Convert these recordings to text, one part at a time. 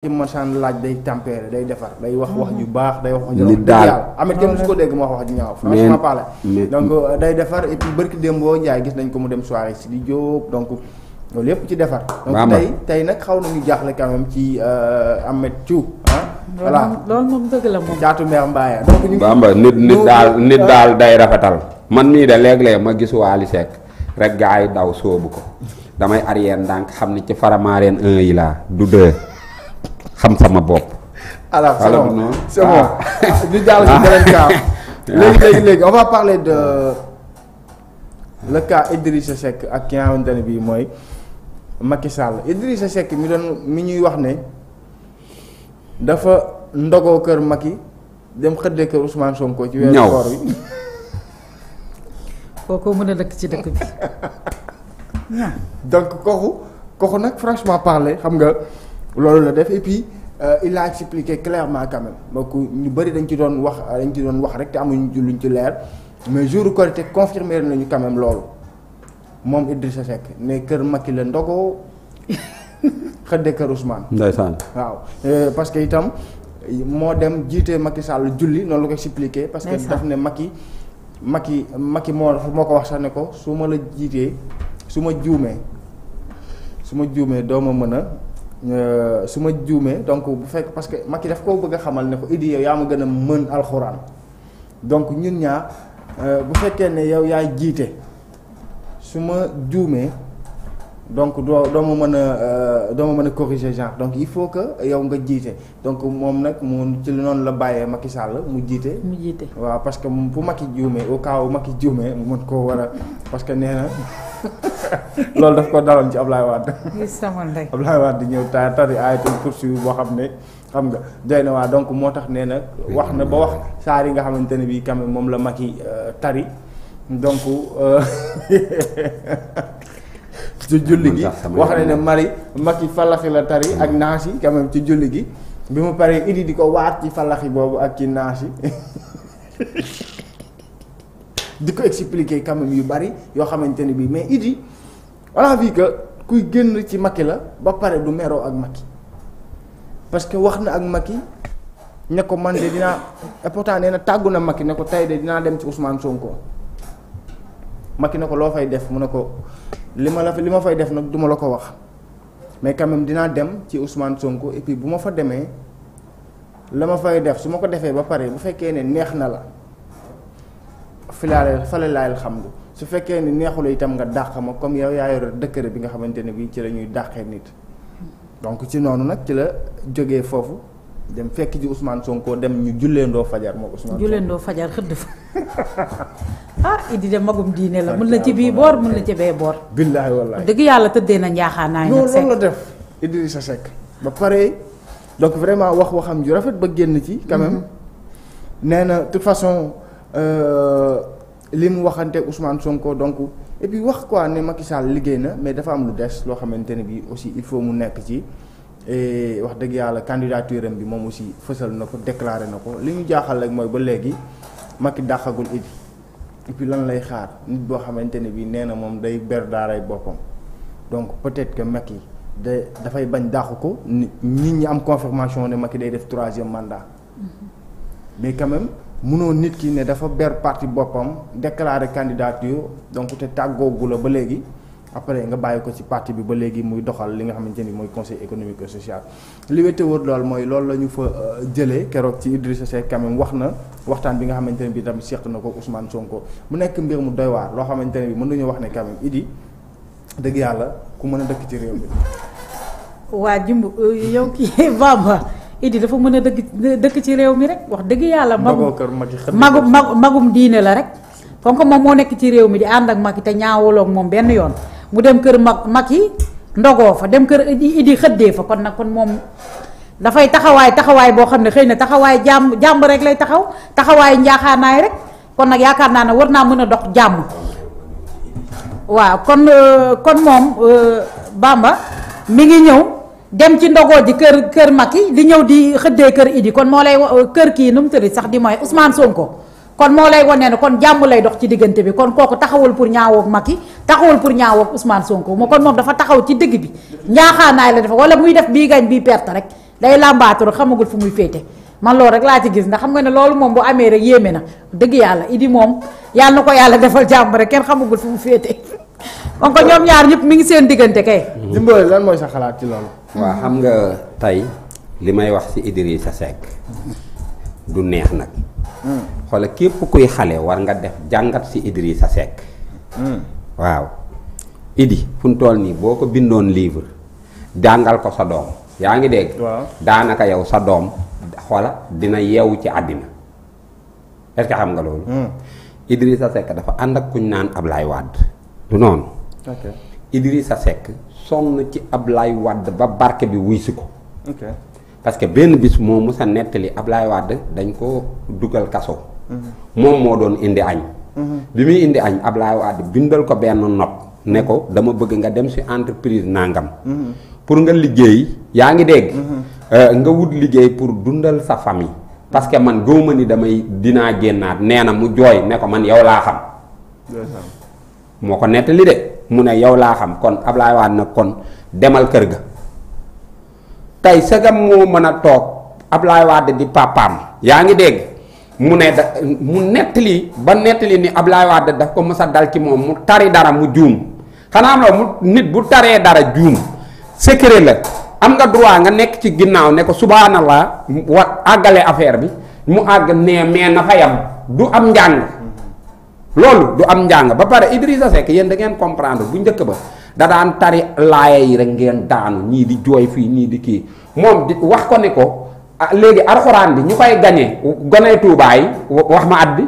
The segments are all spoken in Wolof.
ci machan laaj day tempéré day defar day wax wax ju baax day wax wax ju li daal amet kenn su ko dégg mu wax wax ju ñaaw franchement parlé donc euh, day defar et puis bërki démb gis nañ ko mu dem soirée si di jóob donc loolu yëpp ci defar donc tey tey nag xaw nañu jaaxle quand même ci euh, Ameth Thiou voilà loolu moom dëgg la nit daal nit euh, daal day rafetal man mii de léeg-léeg ma gis Wally Seck rek gaa yi daw soobu ko damay arrière ndànk xam ni ci faramaareen 1 yi laa du 2 xam sama bopp. alors c'est bon c'est ah. ah. léegi léegi léegi on va parler de le cas Idrissa Seck ak ki nga xamante ne bii mooy Macky Sall Idrissa mi doon mi ñuy wax ne dafa ndogoo kër Macky dem xëddee kër Ousmane Sonko. ci weeru koor bi kookoo mën a dëkk ci dëkk bi. donc kooku kooku nag franchement parler xam nga. loolu la def et puis euh, il a expliqué clairement quand même donc ñu bëri dañ ci doon wax dañu ci doon wax rek te amuñu luñ ci leer mais jour Korité confirmé nañu quand loolu moom Idrissa Seck ne kër Macky la ndogoo xëdde kër Ousmane. ndeysaan waaw euh, parce que itam moo dem jiite Macky Sall julli noonu la ko expliqué. parce que daf ne Macky Macky Macky moo moo ko wax sax ne ko su ma la jiitee su ma juumee su ma juumee doo ma mën a. Euh, su ma juumee donc bu fekk parce que Macky daf koo bëgg a xamal ne ko Idy yow yaa ma gën a mën alxuraan donc ñun ñaar euh, bu fekkee ne yow yaay jiite su ma juumee donc doo doo ma mën a euh, doo ma mën a corriger genre donc il faut que yow nga jiite donc moom nag mu ci noonu la bàyyee Macky Sall mu jiite. mu jiite waaw parce que bu Macky juumee au cas où juumee mu mën koo war a parce que nee na. loolu daf ko daloon ci Ablaye Wade. sama ndey Ablaye Wade ñëw ta tari ayatul kursi boo xam ne xam nga doy na waa donc moo tax nee na wax na ba wax saar yi nga xamante ne bii quand moom la Macky euh, tari donc. Euh, ci julli gi wax na ne mari Macky falaxi la tari mm. ak naas yi ci julli gi bi mu paree idi di ko waat ci falaxi boobu ak ci naas yi. di ko expliquer quand yu bari yoo xamante ne bii mais on a vu que kuy génn ci Macky la ba pare du meroo ak Macky parce que wax na ak Macky ne ko man de dinaa et pourtant nee na tàggu na Macky ne ko tey de dinaa dem ci Ousmane Sonko Macky ne ko loo fay def mu ne ko li ma la li ma fay def nag duma la ko wax mais quand même dinaa dem ci Ousmane Sonko et puis bu ma fa demee la ma fay def su ma ko defee ba pare bu fekkee ne neex na la filaale fale laayal xam nga su fekkee ni neexul itam nga dàq ma comme yow yaa yor décret bi nga xamante ne bii ci la ñuy dàqee nit. donc ci noonu nag ci la jógee foofu dem fekk ji Ousmane Sonko dem ñu julleendoo fajar moom Ousmane Sonko. julleendoo fajar xëdd fa ah Idi de magum diine la. mën na ci bii boor mën na ci bee boor. billaahi wallaahi dëgg yàlla tëddee na njaaxaanaay. nag Seck loolu la def Idrissa Seck ba pare donc vraiment wax waxam ju rafet ba génn ci. quand même mm-hmm. nee na toute façon. Euh, li mu waxante Ousmane Sonko donc et puis wax quoi ne Macky Sall liggéey na mais dafa am lu des loo xamante ne bi aussi il faut mu nekk ci wax dëgg yàlla candidature am bi moom aussi fësal na ko déclaré na ko li ñu jaaxal rek mooy ba léegi Macky dàqagul Idi et puis lan lay xaar nit boo xamante ne bi nee na moom day ber daaray boppam donc peut-être que Macky da dafay bañ dàqu ko nit ñi am confirmation ne Macky day def troisième mandat mm-hmm. mais quand munoo nit ki ne dafa ber parti boppam déclarer candidature donc te tàggoogu la ba léegi après nga bàyyi ko ci parti bi ba léegi muy doxal li nga xamante ni mooy conseil économique et social. li wete wër lool mooy loolu la ñu fa euh, jëlee keroog ci Idrissa Seck quand même wax na waxtaan bi nga xamante ne bi tamit seq na ko Ousmane Sonko mu nekk mbir mu doy waar loo xamante ne bi mën nañu wax ne quand même Idi dëgg yàlla ku mën a dëkk ci réew mi. waa jimb euh, Idi dafa mën a dëkk dëkk ci réew mi rek wax dëgg yàlla. magum magum magum diine la rek. comme que moom moo nekk ci réew mi di ànd ak Macky te ñaawuloo moom benn yoon mu dem kër mag Macky ndogoo fa dem kër Idi xëddee fa nag kon moom dafay taxawaay taxawaay boo xam ne xëy na taxawaay jàmm jàmm rek lay taxaw taxawaay njaaxaanaay rek kon nag yaakaar naa ne war naa mën a dox jàmm. waaw kon euh, kon moom euh, Bamba mi ngi ñëw. dem ci ndogoo ji kër kër Macky di ñëw di xëddee kër Idi kon moo lay wo kër kii nu mu tëdd sax di mooy Ousmane Sonko kon moo lay wane ne kon jàmm lay dox ci diggante bi kon kooku taxawul pour ñaawoo ak Macky taxawul pour ñaawoo ak Ousmane Sonko moo kon moom dafa taxaw ci dëgg bi njaaxaanaay la dafa wala muy def bii gañ bii perte rek day làmbaaturu xamagul fu muy féete man loolu rek laa ci gis ndax xam nga ne loolu moom bu amee rek yéeme na dëgg yàlla Idi moom yàlla na ko yàlla defal jàmm rek kenn xamagul fu mu féete kon ko ñoom ñaar ñëpp mu ngi seen diggante kay. dimbali lan mooy sa xalaat ci loolu waa xam nga tey li may wax ci sa Seck du neex nag hmm. xoola képp kuy xale war nga def jàngat si ci sa Seck hmm. waaw Idi fu mu nii boo ko bindoon livre jàngal ko sa doom yaa ngi dégg daanaka yow sa doom xoola dina yeewu ci àddina est-ce que xam nga loolu hmm. sa Seck dafa ànd ak kuñ naan Ablaye wàdd du noonu sa Seck sonn ci Ablaye wadd ba barke bi wuy si ko. parce que benn bis moo musa nettali Ablaye Wade dañ ko dugal kaso. moom moo doon indi añ. bi muy indi añ Ablaye Wade bindal ko benn note ne ko dama bëgg nga dem si entreprise nangam. pour nga liggéey yaa ngi dégg. Euh, nga wut liggéey pour dundal sa famille. parce que man gëw ma ni damay dinaa génnaat nee na mu jooy ne ko man yow laa xam. moo ko nettali de. mu ne yow laa xam kon Ablaye Wade nag kon demal kër ga tey sagam moo mën a toog Ablaye Wade di papaam yaa ngi dégg mu ne da mu nettali ba nettali ni Ablaye Wade daf ko mësa dal ci moom mu tari dara mu juum xanaa am la mu nit bu taree dara juum secret la am nga droit nga nekk ci ginnaaw ne ko subhanallah wa àggale affaire bi mu àgg nee mais na fa yam du am njàng loolu du am njàng ba pare Idrissa Seck yéen da ngeen comprendre bu njëkk ba da daan tari laaya yi rek ngeen daanu ñii di jooy fii ñii di kii moom di wax ko ni ko ah, léegi alxuraan bi ñu koy gañe gone Tuubaa yi wax ma at bi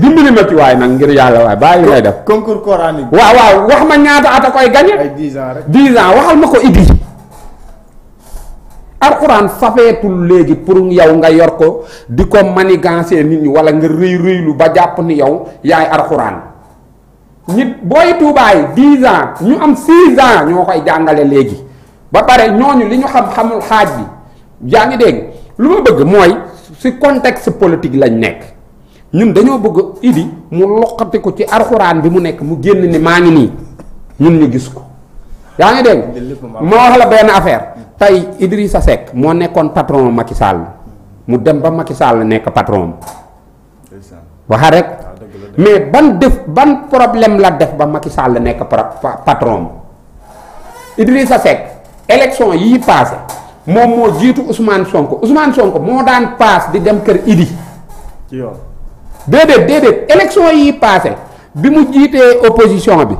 dimbali ma ci waay nag ngir yàlla waay bàyyi lay def. concours coranique. waaw waaw wax ma ñaata at a koy gañe. ay 10 ans rek 10 ans waxal ma ko Idrissa. alxuraan safeetul léegi pour yow nga yor ko di ko manigancé nit ñi wala nga rëy rëylu ba jàpp ni yow yaay alxuraan nit booy tuubaay 10 ans ñu am 6 ans ñoo koy jàngale léegi ba pare ñooñu li ñu xam xamul xaaj bi yaa ngi dégg lu ma bëgg mooy ci contexte politique lañ nekk ñun dañoo bëgg idi mu loqati ko ci alxuraan bi mu nekk mu génn ni maa ngi nii ñun ñu gis ko yaa ngi dégg ma wax la benn affaire tey Idrissa Seck moo nekkoon patron Macky Sall mu dem ba Macky Sall nekk patron waxa rek ah, mais ban def ban problème la def ba Macky Sall nekk patron Idrissa Seck élection yii passé moom moo jiitu Ousmane Sonko Ousmane Sonko moo daan paas di dem kër Idi déedéet déedéet élection yii passé bi mu jiitee opposition bi.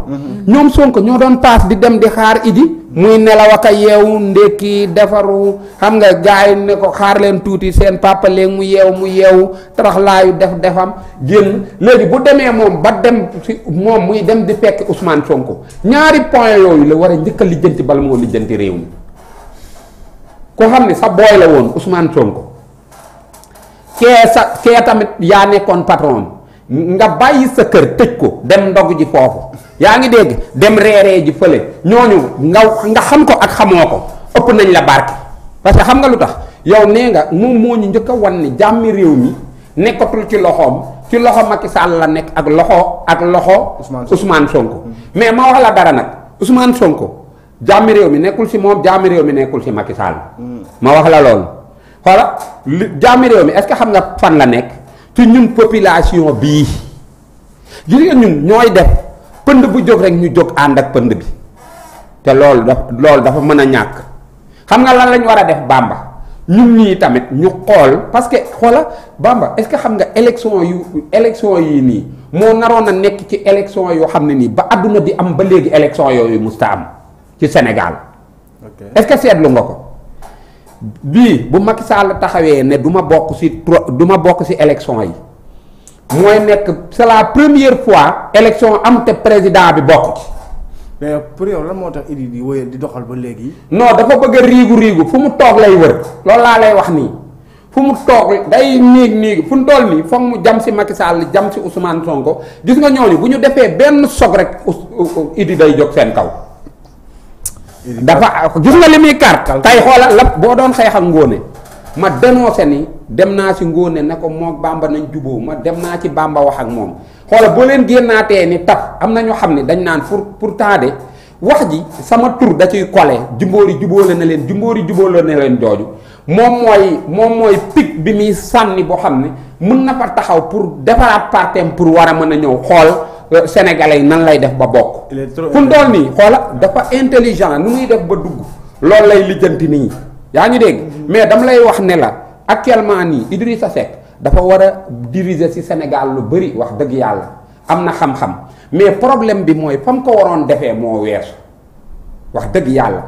ñoom sonk ñoo doon paas di dem di xaar Idi. muy nelaw ak a yeewu ndékki defaru xam nga gars ne ko xaar leen tuuti seen papa mu yeew mu yeewu taraxlaayu def defam génn léegi bu demee moom ba dem si moom muy dem di fekk Ousmane sonk ñaari point yooyu la war a njëkk a lijjanti bala moo lijjanti réew mi ko xam ne sa booy la woon Ousmane Sonko kee sa kee tamit yaa nekkoon patron nga bàyyi sa kër tëj ko dem ndog ji foofu yaa ngi dégg dem reeree ji fële ñooñu nga nga xam ko ak xamoo ko ëpp nañ la barke parce que xam nga lu tax yow nee nga moom moo ñu njëkk a wan ni jàmmi réew mi nekkatul ci loxoom ci loxo Macky Sall la nekk ak loxo ak loxo. Ousmane Sonko mais ma wax la dara nag Ousmane Sonko jàmmi mi nekkul si moom jàmmi réew mi nekkul si Macky Sall. Hmm. ma wax la loolu jàmmi réew mi est-ce que xam nga fan la nekk. ci ñun population bii gis ñun ñooy def pënd bu jóg rek ñu jóg ànd ak pënd bi te loolu da loolu dafa mën a ñàkk xam nga lan lañ war a def Bamba ñun ñii tamit ñu xool parce que xoola Bamba est-ce que xam nga élection yu élection yi nii moo naroon a nekk ci élection yoo xam ne nii ba àdduna di am ba léegi élection yooyu musta am ci Sénégal est-ce que seetlu nga ko bii bu Macky Sall taxawee ne duma bokk ci pro du ma bokk ci élection yi mooy nekk c'est la première fois election am te président bi bokk ci. mais pour yow lan moo tax Idi di wëyal di doxal ba léegi. non dafa bëgg a riigu riigu fu mu toog lay wër loolu laa lay wax nii fu mu toog day niig niig fu mu toll nii foog mu jam si Macky Sall jam si Ousmane Sonko gis nga ñooñu bu ñu defee benn sog rek Idi day jog seen kaw. dafa gis nga li muy carte tey xoola la boo doon xeex ak ngóone ma dénoncé ni dem naa ci ngóone na ko moog bàmba nañ juboo ma dem naa ci bàmba wax ak moom xoola boo leen génnaatee ni tap am na ñoo xam ne dañ naan pour pourtant de wax ji sama tur da ciy kole jumboori la na leen jumboori jubóole na leen jooju moom mooy moom mooy pic bi muy sànni boo xam ne mun na fa taxaw pour defaraat partem pour war a mën a ñëw xool sénégalais yi nan lay def ba bokk fu mu doon nii xoola dafa intelligent nu muy def ba dugg loolu lay lijjanti nit ñi yaa ngi dégg mais dama lay wax ne la actuellement nii Idrissa Seck dafa war a diriger si Sénégal lu bëri wax dëgg yàlla am na xam-xam mais problème bi mooy fa ko waroon defee moo weesu wax dëgg yàlla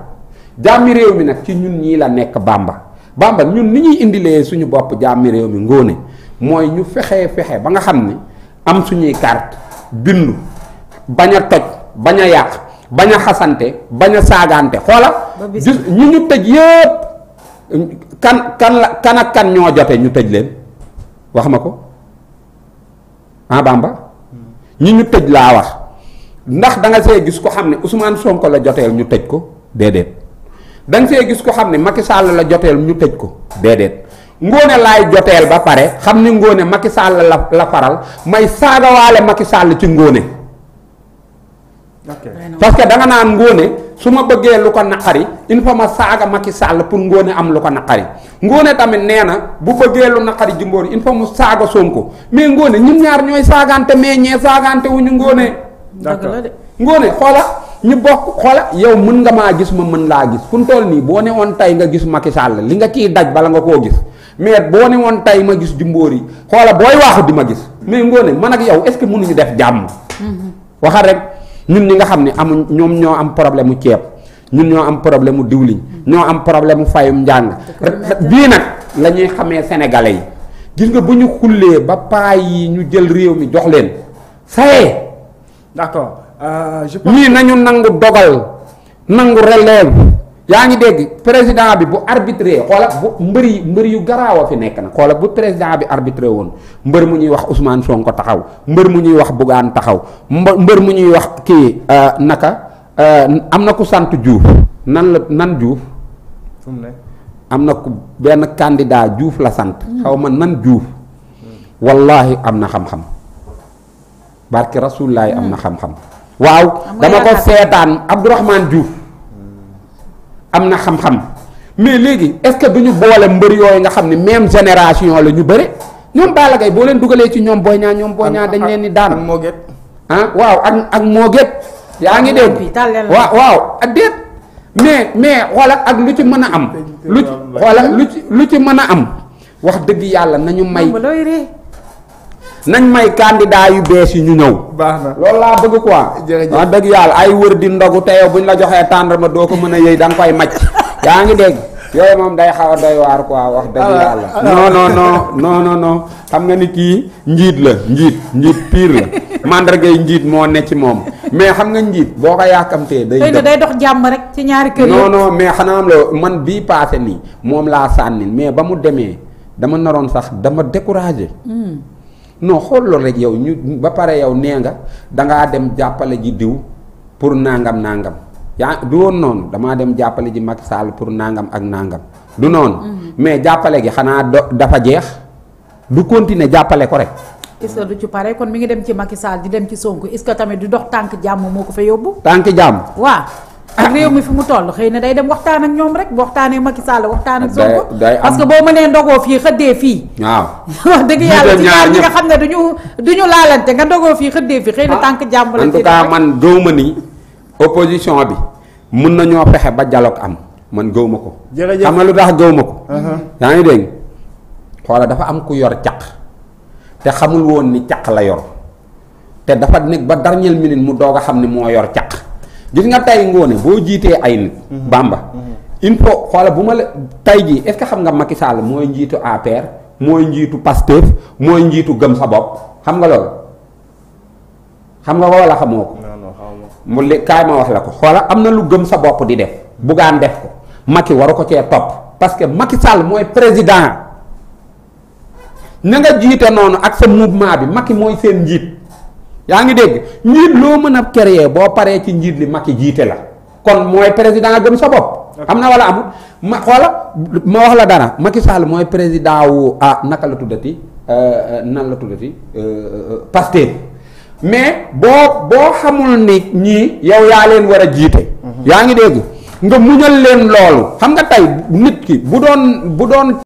jàmmi réew mi nag ci ñun ñii la nekk Bamba Bamba ñun ni ñuy indilee suñu bopp jàmmi réew mi ngóone mooy ñu fexee fexe ba nga xam ni am suñuy carte bindu bañ a toj bañ a yàq bañ a xasante bañ a saagante xoola ñi ñu tëj yëpp kan kan la kan ak kan ñoo jote ñu tëj leen wax ma ko ah Bamba ñi ñu tëj laa wax ndax danga see gis ko xam ne Ousmane Sonko la joteel ñu tëj ko déedéet danga nga see gis ko xam ne Macky la joteel ñu tëj ko déedéet ngoone laay joteel ba pare xam ni ngoone Macky Sall la la faral may saagawaale Macky Sall ci ngóone parce que da naan ngóone su ma bëggee lu ko naqari il faut ma saaga Macky Sall pour ngoone am lu ko naqari ngoone tamit nee na bu bëggee lu naqari jumboor il faut mu saaga ko mais ngoone ñun ñaar ñooy saagante mais ñee saagante wu ñu ngóone ngoone xoola ñu bokk xoola yow mën nga maa gis ma mën laa gis fu mu nii boo ne woon tey nga gis Macky Sall li nga ciy daj bala nga koo gis mais boo ne woon tey ma gis jumbóor yi xoola booy waaxu di ma gis mais ngoone man ak yow est-ce que mënuñu def jàmm mm-hmm. waxal rek ñun ñi nga xam ne amuñ ñoom ñoo am problème mu ceeb ñun ñoo am problème mu diwliñ mm-hmm. ñoo am problème mu fayum njàng bii nag lañuy xamee sénégalais yi gis nga bu ñu xullee ba paay yi ñu jël réew mi jox leen saye d'accord euh, ñii nañu nangu dogal nangu relève yaa ngi dégg président bi bu arbitré xoola bu mbër mbër yu garaaw a fi nekk na xoola bu président bi arbitré woon mbër mu ñuy wax Ousmane Sonko taxaw mbër mu ñuy wax Bougane taxaw mbër mu ñuy wax kii euh, naka euh, am na ku sant juuf nan la nan Diouf am na ku benn kandidaa Diouf la sant xaw ma nan Diouf wallahi am na xam-xam barke rasulullaahi am na xam-xam waaw dama ko seetaan Abdourahmane Diouf am na xam-xam mais léegi est-ce que du ñu boole mbër yooyu nga xam ne même génération la ñu bëre ñoom Balla Gaye boo leen dugalee ci ñoom booy ñaa ñoom Boy ñaa dañ leen ni daan mooget ah waaw ak ak mooget yaa ngi dégg waaw waaw ak déet mais mais xoolal ak lu ci mën a am lu ci xoolal lu ci lu ci mën a am wax dëgg yàlla na nañu may nañ may candidat yu bees yi ñu ñëw. baax na loolu laa bëgg quoi. dëgg yàlla ay wër di ndogu te yow buñ la joxee tàndarma doo ko mën a yëy da nga koy màcc yaa ngi dégg. yooyu moom day xaw a doy waar quoi wax dëgg yàlla. non non non non xam nga nit kii njiit la njiit njiit pire la mandargay njiit moo ne ci moom mais xam nga njiit boo ko yàkkamtee. day dox day dox jàmm rek ci ñaari kër non non mais xanaa am la man bii paase nii moom laa sànni mais ba mu demee dama naroon sax dama découragé. Hmm. non xool loolu rek yow ñu ba pare yow nee nga dangaa dem jàppale ji diw pour nangam nangam yaa du woon noonu damaa dem jàppale ji Macky Sall pour nangam ak nangam du noonu. Mhm. mais jàppale gi xanaa dafa jeex du continuer jàppale ko rek. est-ce du ci pare kon mi ngi dem ci Macky Sall di dem ci Sonko est-ce que tamit du dox tànk jàmm moo ko fa yóbbu. tànk jàmm waaw. ak ah. réew mi fi mu toll xëy na day dem waxtaan ak ñoom rek bu waxtaanee Macky Sall waxtaan ak Sonko parce que boo mënee ndogoo fii xëddee fii waaw wax dëgg yàlla ci ñaar ñi nga xam ne duñu duñu laalante nga fii xëddee fii xëy na ah. tànk jàmm la en tout cas man gëwma ni opposition bi mun nañoo fexe ba dialogue am man ma ko xam nga lu tax ma ko uh-huh. yaa ngi dégg xoola dafa am ku yor caq te xamul woon ni caq la yor te dafa nekk ba dernière minute mu doog a xam ni moo yor caq gis nga tay ngoone boo jiitee ay nit. bamba il faut xoola bu ma la tay jii est xam nga Macky Sall mooy njiitu APR mooy njiitu Pastef mooy njiitu gëm sa bopp xam nga loolu xam nga ko wala xamoo ko. mu li kaay ma wax la ko xoola am na lu gëm sa bopp di def. bugaan def ko Macky waru ko cee topp parce que Macky Sall mooy président na nga jiite noonu ak sa mouvement bi Macky mooy seen njiit. yaa ngi dégg njiit loo mën a créer boo paree ci njiit li Macky jiite la kon mooy président gëm sa bopp. am na wala amul ma xoola ma wax la dara Macky Sall mooy président wu ah naka la tuddati euh, euh, nan la tuddati euh, Pastef mais boo boo xamul ni ñi yow yaa leen war a jiite. Mhm. yaa ngi dégg nga muñal leen loolu xam nga tey nit ki bu doon bu doon.